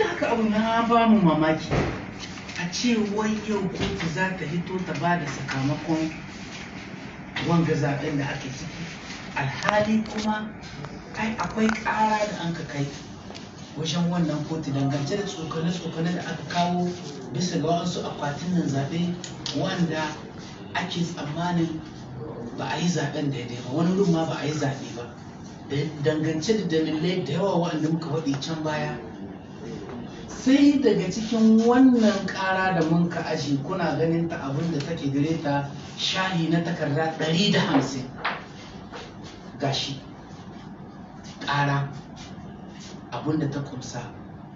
da haka abu na ba mu mamaki a ce wai yau kotu za ta hito ta ba da sakamakon wanga zaɓen da aka ciki alhali kuma kai akwai ƙara da an ka kai wajen wannan kotu dangance da tsokane-tsokane da aka kawo bisa ga wasu akwatin nan zaɓe wanda ake tsammanin ba a yi zaɓen daidai ba wani rumma ba a yi zaɓe ba dangance da dalilai da yawa waɗanda muka waɗe can baya sai daga cikin wannan ƙara da mun ka aji kuna ganin ta abin da take gare ta shahi na takarda 150 gashi ƙara abin da ta kumsa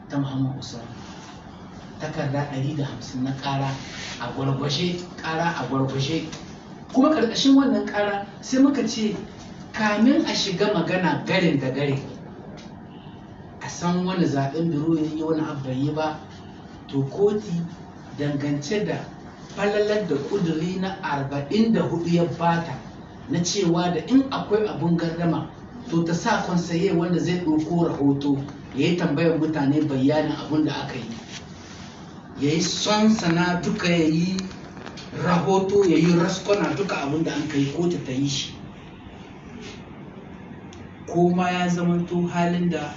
ta muhammad usman takarda 150 na ƙara a gwargwashe ƙara a gwargwashe kuma karkashin wannan ƙara sai muka ce kamin a shiga magana garin da garin a san wani zaben biro ya yi wani abu yi ba to koti dangance da falalar da kuduri na arba'in da hudu ya bata na cewa da in akwai abun gardama to ta sa konsaye wanda zai ɗauko rahoto ya yi tambayar mutane bayanin abun da aka yi ya yi son sana duka ya yi rahoto ya yi raskona duka abun da an kai kotu ta yi shi koma ma ya zamanto halin da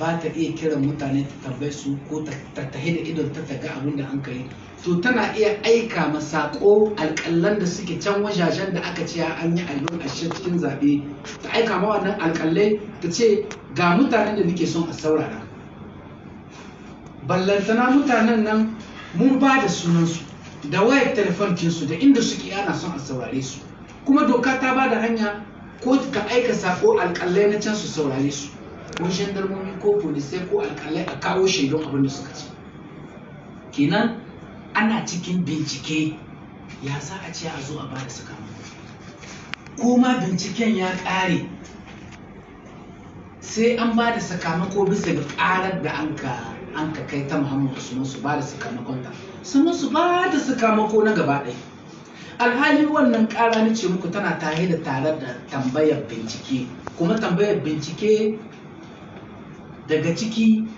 ba ta iya kiran mutane ta tambaye su ko ta tahi da idon ta taga abin da an kai to tana iya aika ma sako alƙallan da suke can wajajen da aka ce an yi allon ashe cikin zaɓe ta aika ma wannan alƙallai ta ce ga mutanen da nake son a saurara ballantana mutanen nan mun ba da sunansu da waye telefoncinsu da inda suke ana son a saurare su kuma doka ta ba da hanya ko ka aika sako alƙalai na can su saurare su ko shandarmomi ko polisai ko alkalai a kawo shaidun abin da suka ce kenan ana cikin bincike ya za a ce a zo a bada sakamako ko ma binciken ya ƙare sai an ba da sakamako bisa ga ƙarar da an ka kai ta Muhammadu usman su ba da sakamakon ta sannan su ba da sakamako na gaba ɗaya alhali wannan ƙara ni ce muku tana tare da tare da tambayar bincike kuma tambayar bincike daga ciki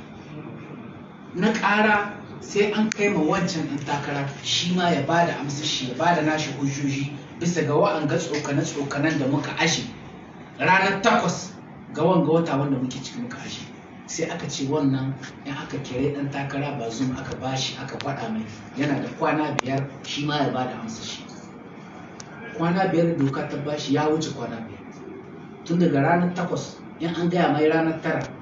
na ƙara sai an kai ma wancan ɗan takara shi ma ya ba da amsa shi ya ba da nashi hujjoji bisa ga wa'anga tsokane-tsokanen da muka ashe ranar takwas ga wanga wata wanda muke ciki muka ashe sai aka ce wannan in aka kere ɗan takara ba zum aka bashi aka faɗa mai yana da kwana biyar shi ma ya ba da amsa shi kwana biyar doka ta bashi ya wuce kwana biyar tun daga ranar takwas in an gaya mai ranar tara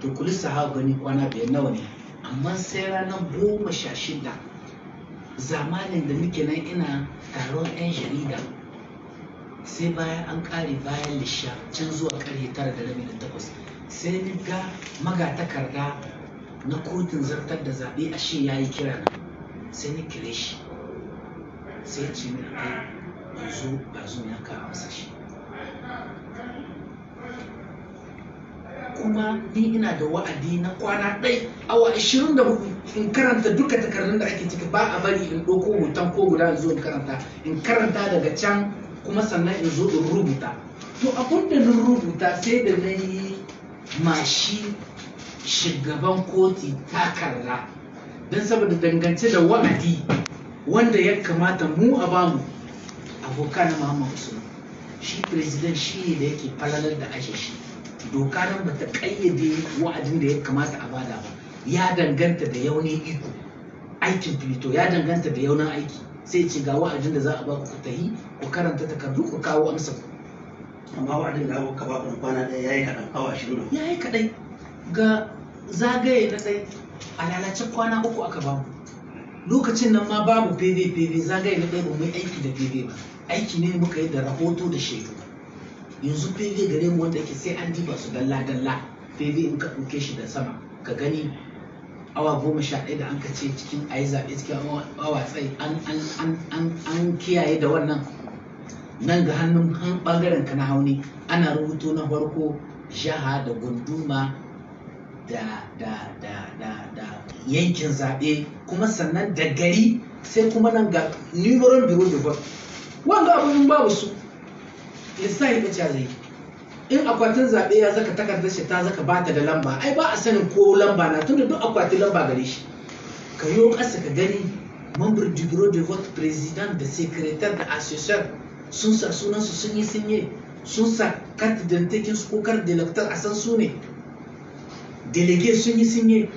to kulissa ha gani kwana biyar nawa ne amma sai ranar goma sha shida zamanin da muke nan ina taron 'yan jarida sai bayan an kare bayan lisha can zuwa karye tara da rabi da takwas sai ni ga magatakarda na kotun zartar da zaɓe a shi ya yi kira na sai ni kire shi sai ce ni a ba zo ya kawo masa kuma ni ina da wa'adi na kwana ɗai awa 24 in karanta duka takardun da ake ciki ba a bari in ɗauko hoton ko guda in zo in karanta in karanta daga can kuma sannan in zo in rubuta to abun da nun rubuta sai da na yi mashi shugaban koti takarda don saboda dangance da wa'adi wanda ya kamata mu a bamu abokan muhammad shi president shi ne da yake falalar da ajiye shi doka nan ba ta ƙayyade wa'adin da ya kamata a bada ba ya danganta da yaunin iko aikin fito ya danganta da yaunin aiki sai ce ga wa'adin da za a ba ku ku tahi ku karanta takardu ku kawo amsa ku amma wa'adin da aka ba ku kwana ɗaya yayi kaɗan awa ashirin yayi kaɗai ga zagaye na ɗaya a lalace kwana uku aka ba mu lokacin nan ma babu feve-feve zagaye na ɗaya ba mu aiki da feve ba aiki ne muka yi da rahoto da shekaru yanzu fili gare mu wanda yake sai an diba su dalla dalla fili in ka ɗauke shi da sama ka gani awa goma sha ɗaya da an ka ce cikin a yi zaɓe cikin awa tsaye an kiyaye da wannan nan ga hannun ɓangaren ka na hauni ana rubuto na farko jaha, da gunduma da yankin zaɓe kuma sannan da gari sai kuma nan ga numeron biro da wanga abin babu su ya sa ya ɓace zai in akwatin zaɓe ya zaka takardar shi ta zaka bata da lamba ai ba a sanin ko lamba na tunda duk akwatin lamba gare shi ka yi ƙasa ka gani mambar du bureau de vote president da secrétaire da assesseur sun sa sunansu sun yi yi sun sa carte d'identité su ko carte a san su ne délégué sun yi sinye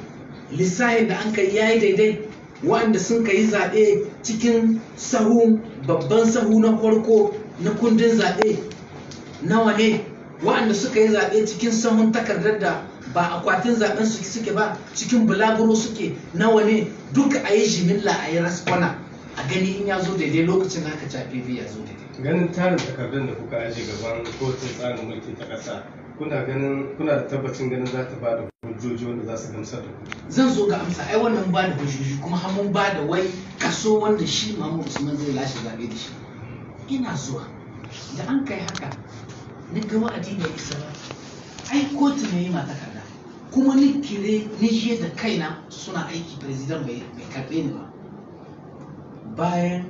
lissahin da an kai yayi daidai waɗanda sun kai zaɓe cikin sahu babban sahu na farko na kundin zaɓe nawa ne waɗanda suka yi zaɓe cikin sahun takardar da ba akwatin zaɓen su suke ba cikin bulaguro suke nawa ne duka a yi jimilla a yi raskwana a gani in ya zo daidai lokacin haka caɓe ya zo daidai ganin tarin takardun da kuka aje gaban kotun tsarin mulki ta ƙasa kuna ganin kuna da tabbacin ganin za ta ba da hujjoji wanda za su gamsar da ku zan zo ga amsa ai wannan ba da hujjoji kuma har mun ba da wai kaso wanda shi Muhammad Usman zai lashe zaɓe da shi ina zuwa da an kai haka na ga wa'adi ne isa ba ai kotu ne yi mata karda kuma ni kire ni je da kaina suna aiki president bai karbe ni ba bayan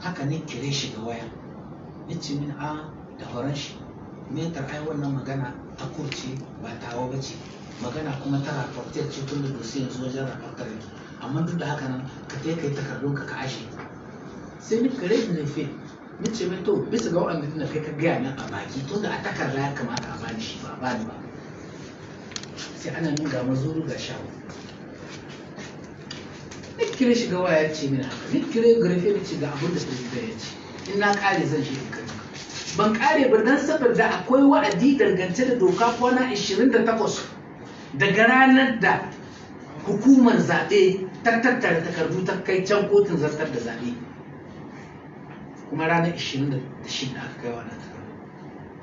haka ni kire shi da waya ni ce min a da horon shi metar ai wannan magana ta kurce ba tawa ba ce magana kuma ta raportar ce tun da dosi yanzu wajen raportar amma duk da haka nan ka kai kai takardun ka ka ashe sai ni kare ne fe ni ce mai to bisa ga wa'anda tunda kai ka gaya nan a baki to da a takarda ya kamata a bani shi ba a ni ba sai ana nuna ga mazuru ga shawo ni kire shi ga waya ce mina haka ni kire garfe ni ce ga abin da ta ya ce in na kare zan shi ka ban kare ba dan saboda akwai wa'adi dangance da doka kwana 28 daga ranar da hukumar zaɓe ta tattara takardu ta kai can kotun zartar da zaɓe kuma ranar 26 aka kai nan ta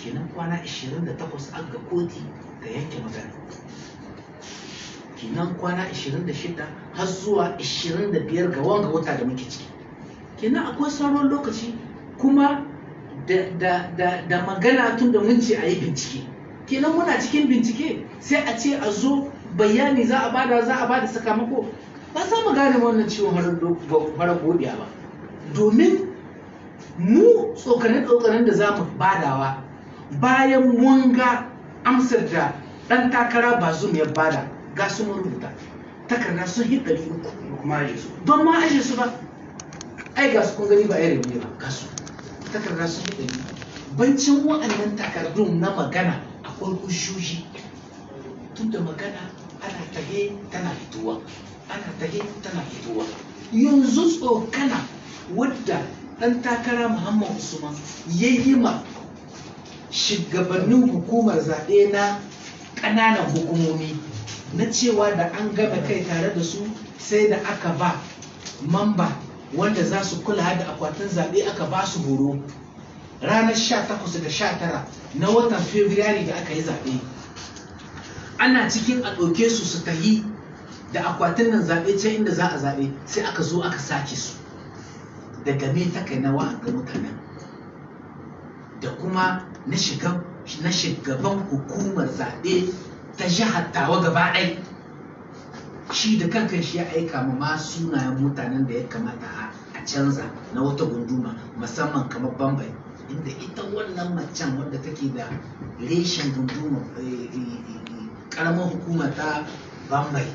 kenan kwana 28 aka ga koti da yanke magana kenan kwana 26 har zuwa 25 ga wanga wata da muke ciki kenan akwai sauran lokaci kuma da, magana tun da mun ce a yi bincike kenan muna cikin bincike sai a ce a zo bayani za a bada za a bada sakamako ba za mu gane wannan ciwon farar gobe ba domin mu tsokanin-tsokanin da za mu badawa bayan mun ga amsar da ɗan takara ba zum ya bada ga su mun rubuta takarda sun yi ɗari uku kuma aje su don ma aje su ba ai ga su kun gani ba irin ne ba ga su takarda sun yi ɗari bancin wa'annan takardun na magana akwai kushoshi tun da magana ana tahe tana fitowa ana tahe tana fitowa yanzu tsokana wadda ɗan takara muhammad usman ya yi ma shugabannin hukumar zaɓe na ƙananan hukumomi na cewa da an gaba kai tare da su sai da aka ba mamba wanda za su kula da akwatin zaɓe aka ba su horo ranar 18 da 19 na watan fabrairu da aka yi zaɓe ana cikin a ɗauke su su tahi da akwatin nan zaɓe ce inda za a zaɓe sai aka zo aka sake su daga ta take na ga mutanen da kuma na shugaban hukumar zaɓe ta jihar tawa gaba ɗai shi da kankan shi ya aika ma ma sunayen mutanen da ya kamata a canza na wata gunduma musamman kamar bambai inda ita wannan macen wadda take da reshen gunduma karamar eh, eh, eh, hukuma ta bambai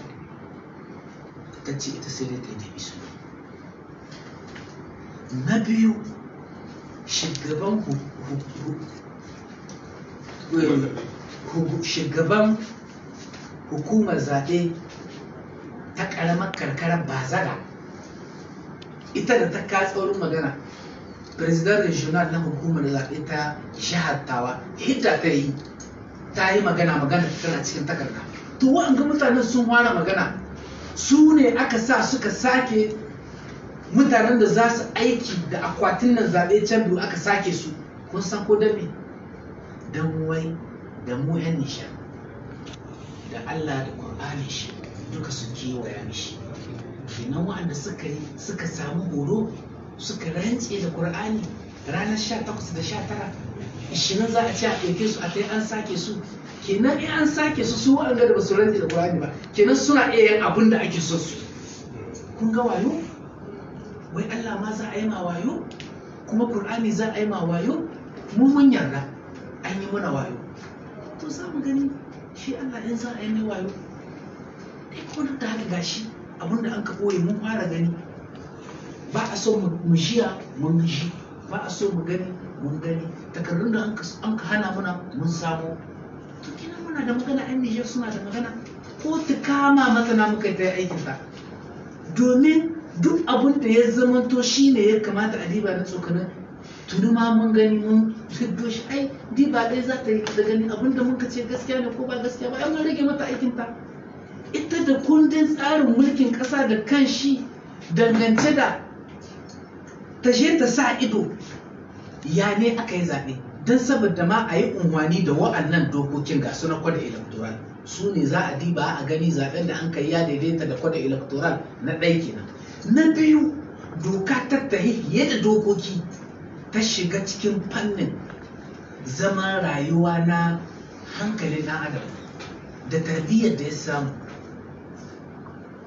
ta ce ita sai da ta yi isu na biyu shugaban eh, shugaban hukumar zaɓe ta ƙaramar karkarar bazara ita da ta katsaurin magana president regional na hukumar zaɓe ta shahattawa tawa hidda ta yi ta yi magana magana tana cikin takarda to wa'anga mutanen sun fara magana su ne aka sa suka sake mutanen da za su aiki da akwatin nan zaɓe can biyu aka sake su kun san ko da me don wai da mu yan nishan da Allah da Qur'ani shi duka su kewaya mishi kenan waɗanda suka yi suka samu horo suka rantse da Qur'ani ranar 18 da 19 ishirin za a ce a ɗauke su a kai an sake su kenan in an sake su su wa'anda da ba su rantse da Qur'ani ba kenan suna iya yin abin da ake so su kun ga wayo wai Allah ma za a yi ma wayo kuma Qur'ani za a yi ma wayo mu mun yarda an yi mana wayo to za mu gani shi Allah in za a yi mai wayo dai ko da haka gashi abinda an ka koyi mun fara gani ba a so mu jiya mun ji ba a so mu gani mun gani takardun da an ka hana muna mun samu to kina muna da magana yan Nijar suna da magana ko ta kama masana muka ta aikin ta domin duk abin da ya zamanto shi ne ya kamata a diba na tsokanin tuni ma mun gani mun fiddo shi ai diba ɗaya za ta yi da gani abin da muka ce gaskiya ne ko ba gaskiya ba an rage mata aikin ita da kundin tsarin mulkin ƙasa da kan shi dangance da ta je ta sa ido ya ne aka yi zaɓe don saboda ma a yi unwani da wa'annan dokokin ga na kwada electoral su ne za a diba a gani zaɓen da an kai ya daidaita da kwada electoral na ɗai kenan na biyu doka ta tahihiye da dokoki ta shiga cikin fannin zama rayuwa na hankali na adam da tarbiyyar da ya samu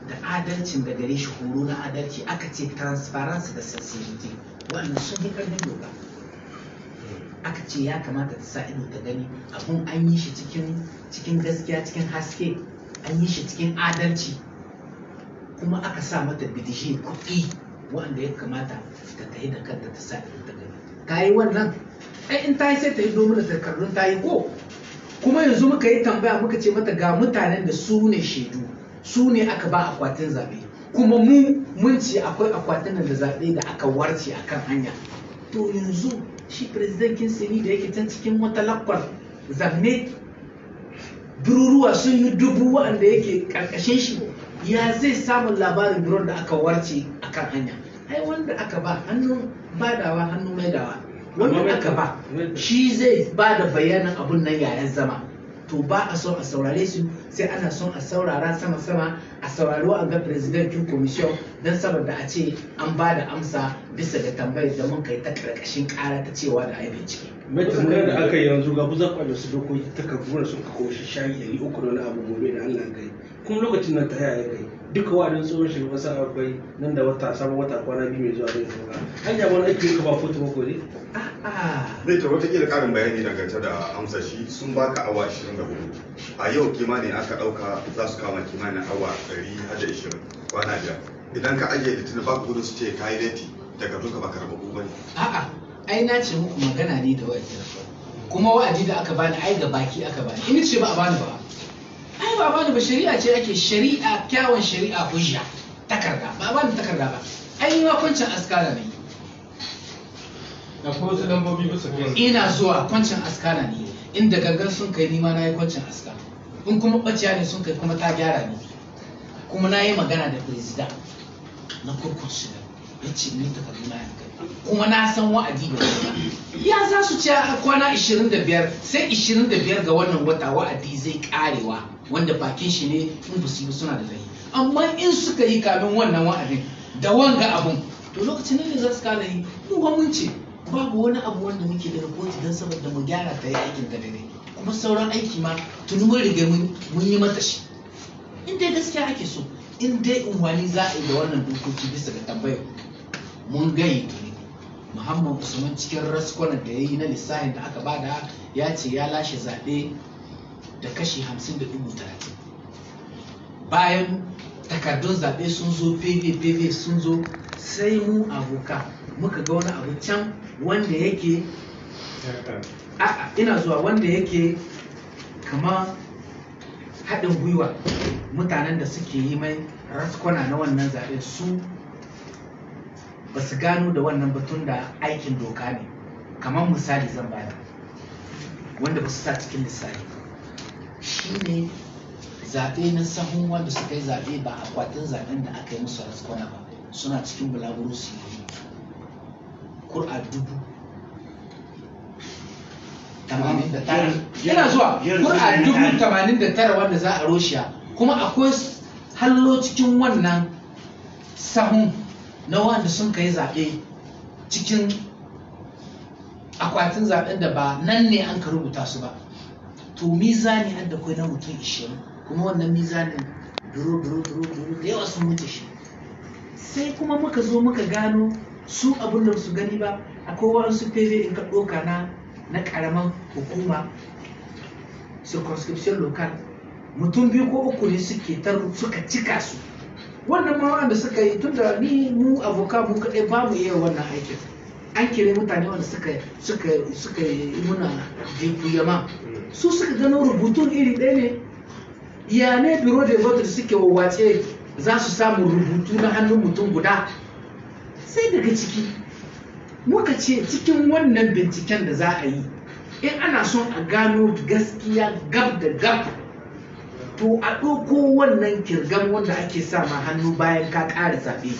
da adalcin da gare shi horo na adalci aka ce transparency da sensitivity wannan sun yi karnin doka aka ce ya kamata ta sa ido ta gani abun an yi shi cikin gaskiya cikin haske an yi shi cikin adalci kuma aka sa mata bidihi kuɗi wanda ya kamata ta tafi da kanta ta sa ta gani ta yi wannan ai in ta yi sai ta yi domin da takardun ta yi ko kuma yanzu muka yi tambaya muka ce mata ga mutanen da su ne shaidu su ne aka ba akwatin zaɓe kuma mu mun ce akwai akwatin da zaɓe da aka warce akan hanya to yanzu shi president kinsini da yake can cikin wata lakwar zanne bururuwa sun yi dubu wa'anda yake ƙarƙashin shi ya zai samun labarin drone da aka warce a kan hanya ai wanda aka ba hannun badawa hannun maidawa wanda aka ba shi zai ba da bayanin abun nan yayan zama to ba a son a saurare su sai ana son a saurara sama-sama a a ga presidentin commission don saboda a ce an ba da amsa bisa ga tambayar da mun kai ta karkashin kara ta cewa da aibin ciki. Mai da aka yi yanzu ga buzan kwallo su dokoki ta kakura sun kakoshi shayi 300 na abubuwa abu gobe da Allah kai kuma lokacin nan ta yaya kai. duka wa'adin tsohon shugaban sama akwai nan da wata sabon wata kwana biyu mai zuwa zai sauka an yi wani aiki ka ba foto mako ne zai ta watakila karin bayani dangance da amsa shi sun baka awa 24 a yau kimani aka dauka za su kama kimanin awa 120 kwana biyar idan ka ajiye litinin ba gudu su ce ka yi reti daga duka baka rabu ba ne a'a ai na ce muku magana ne da wa'adi kuma wa'adi da aka bani ai ga baki aka bani in ce ba a bani ba ai ba bani ba shari'a ce ake shari'a kyawun shari'a hujja takarda ba bani takarda ba ai ma kwancin askara ne ina zuwa kwancin askara ne inda gangan sun kai nima na yi kwancin askara in kuma ɓaciya ne sun kai kuma ta gyara ne kuma na yi magana da firizida na kurkun da. ya ce ni ta kaduna kuma na san wa'adi da wani ya za su ci kwana 25 sai 25 ga wannan wata wa'adi zai karewa wanda bakin shi ne in ba su yi suna da zai amma in suka yi kamin wannan wa'adin da wanga abun to lokacin ne za su kara yi mu ba mun ce babu wani abu wanda muke da rikoti don saboda mu gyara ta yi aikin da dare kuma sauran aiki ma tuni mun riga mun yi mata shi in dai gaskiya ake so in dai unwani za a yi da wannan dokoki bisa ga tambayar mun gai muhammad usman cikin raskwana da ya yi na lissafin da aka bada ya ce ya lashe zaɓe da kashi 50.30 bayan takardun zaɓe sun zo pvpv sun zo sai mu aboka muka ga wani abu can wanda yake ina zuwa wanda yake kama haɗin gwiwa mutanen da suke yi mai raskwana na wannan zaɓe su ba su gano da wannan batun da aikin doka ne kamar misali zan bayar wanda ba su sa cikin misali. shi ne zaɓe na sahun wanda suka yi zaɓe ba akwatin zaɓen da aka yi musu raskwana ba suna cikin bulaguro su yi kur'a dubu yana zuwa kur'a dubu tamanin da tara wanda za a roshiya kuma akwai hallo cikin wannan sahun na wanda sun kai zaɓe cikin akwatin zaɓen da ba nan ne an ka rubuta su ba to mizani an da kai na mutum ishirin kuma wannan mizanin duro duro duro duro da yawa sun mutu shi sai kuma muka zo muka gano su abin da su gani ba akwai waɗansu fere in ka ɗoka na na ƙaramin hukuma circumscription local mutum biyu ko uku ne suke suka cika su wannan ma wanda suka yi tunda ni mu avoka mu kaɗai ba mu iya wannan aikin an kire mutane wanda suka suka suka yi muna yama su suka gano rubutun iri ɗaya ne ya ne biro da vote suke wawace za su samu rubutu na hannun mutum guda sai daga ciki muka ce cikin wannan binciken da za a yi in ana son a gano gaskiya gab da gab to a ɗauko wannan kirgan wanda ake sa ma hannu bayan ka ƙara zaɓe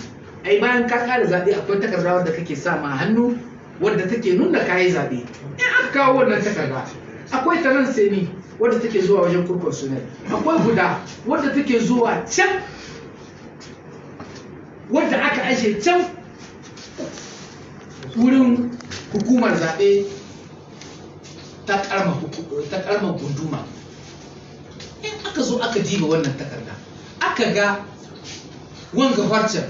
ai bayan ka ƙara zaɓe akwai takarda wanda kake sa ma hannu wanda take nuna ka yi zaɓe in aka kawo wannan takarda akwai taron seni wanda take zuwa wajen kurkun sunai akwai guda wanda take zuwa can wanda aka ashe can wurin hukumar zaɓe ta ƙarma gunduma in aka zo aka diba wannan takarda aka ga wanga farcen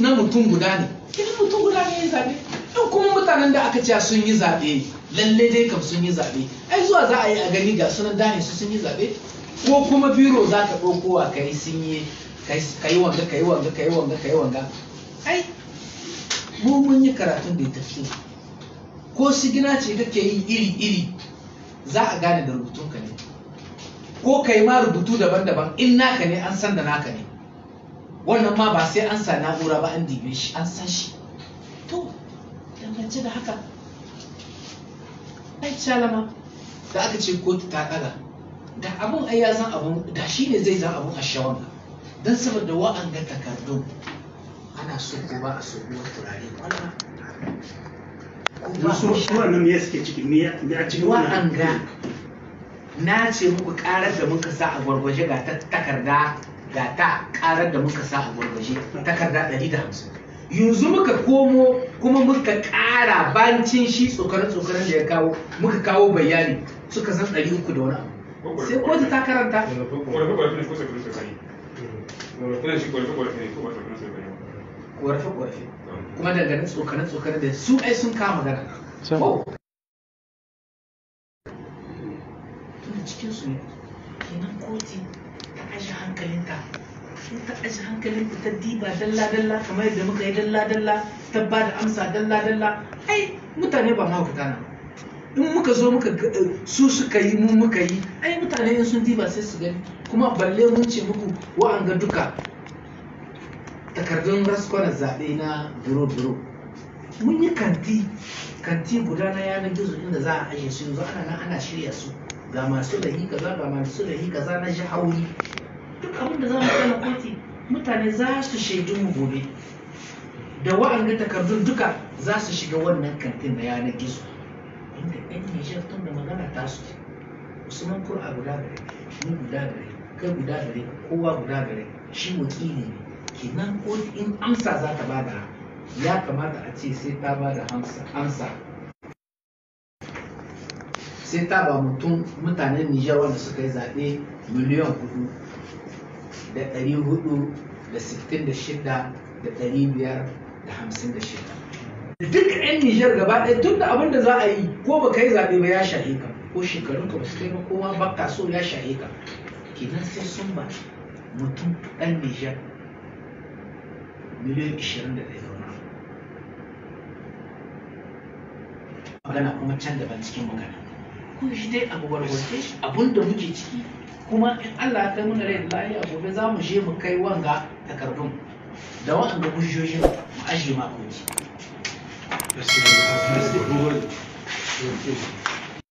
na mutum guda ne idan mutum guda ne ya zaɓe in kuma mutanen da aka ce sun yi zaɓe lalle dai kam sun yi zaɓe ai zuwa za a yi a gani ga sunan dane su sun yi zaɓe ko kuma biro za ka ɗauko a kai sun yi ka yi wanga ka yi wanga ka yi wanga ka yi wanga ai mu mun yi karatun da ya tafi ko sigina ce kake yi iri iri za a gane da rubutunka ne ko ka yi ma rubutu daban-daban in naka ne an san da naka ne wannan ma ba sai an sa na'ura ba an dibe shi an san shi to dangance da haka ai calama da aka ce kotu ta ɗaga da abun ai ya zan abun da shi ne zai zan abun a shawan don saboda wa'anga takardu, ana so ko ba a so ruwan turare wannan ko ba a cikin wannan? na ce muku karar da muka sa a gwargwaje ga takarda ga ta karar da muka sa a gwargwaje takarda 150 yanzu muka komo kuma muka kara bancin shi tsokarin-tsokarin da ya kawo muka kawo bayani suka san 300 da wani abu sai kotu ta karanta kwarfe-kwarfe kuma dangane tsokarin-tsokarin da su ai sun kama gana oh! su ne kenan koti ta aji hankalinta in ta aji hankalinta ta diba dalla-dalla kamar yadda muka yi dalla-dalla ta ba da amsa dalla-dalla ai mutane ba ma kutana. in muka zo muka eh, su suka yi mun muka yi ai mutane in sun diba sai su gani kuma balle mun ce muku wa'anga duka takardun raskwana zaɓe na biro-biro mun yi kanti kanti guda na yanar gizo inda za a ajiye su yanzu ana nan ana shirya su ga masu da yi kaza ga masu da yi kaza na ji hauri duk abin da za mu kalla koti mutane za su shaidu mu gobe da wa'anga takardun duka za su shiga wannan kantin na yanar gizo inda yan nijar tun da magana ta su usman kur'a guda gare ni guda gare kai guda gare kowa guda gare shi wakili ne kenan kotu in amsa za ta bada ya kamata a ce sai ta bada amsa sai ta ba mutum mutanen nijar wanda suka yi zaɓe miliyan hudu da ɗari hudu da sittin da shida da ɗari biyar da hamsin da shida duk 'yan nijar gaba ɗaya tun da abin da za a yi ko ba kai zaɓe ba ya shahe ka ko shekarun ka basu kai ba ko ma baka so ya shahe ka kenan sai sun ba mutum ɗan nijar miliyan ishirin da ɗaya magana kuma can daban cikin magana kun shi dai abu barbarce shi abun da muke ciki kuma in Allah ya kai mana rai lafiya gobe za mu je mu kai wanga takardun da waɗanda hujjojin mu aje you.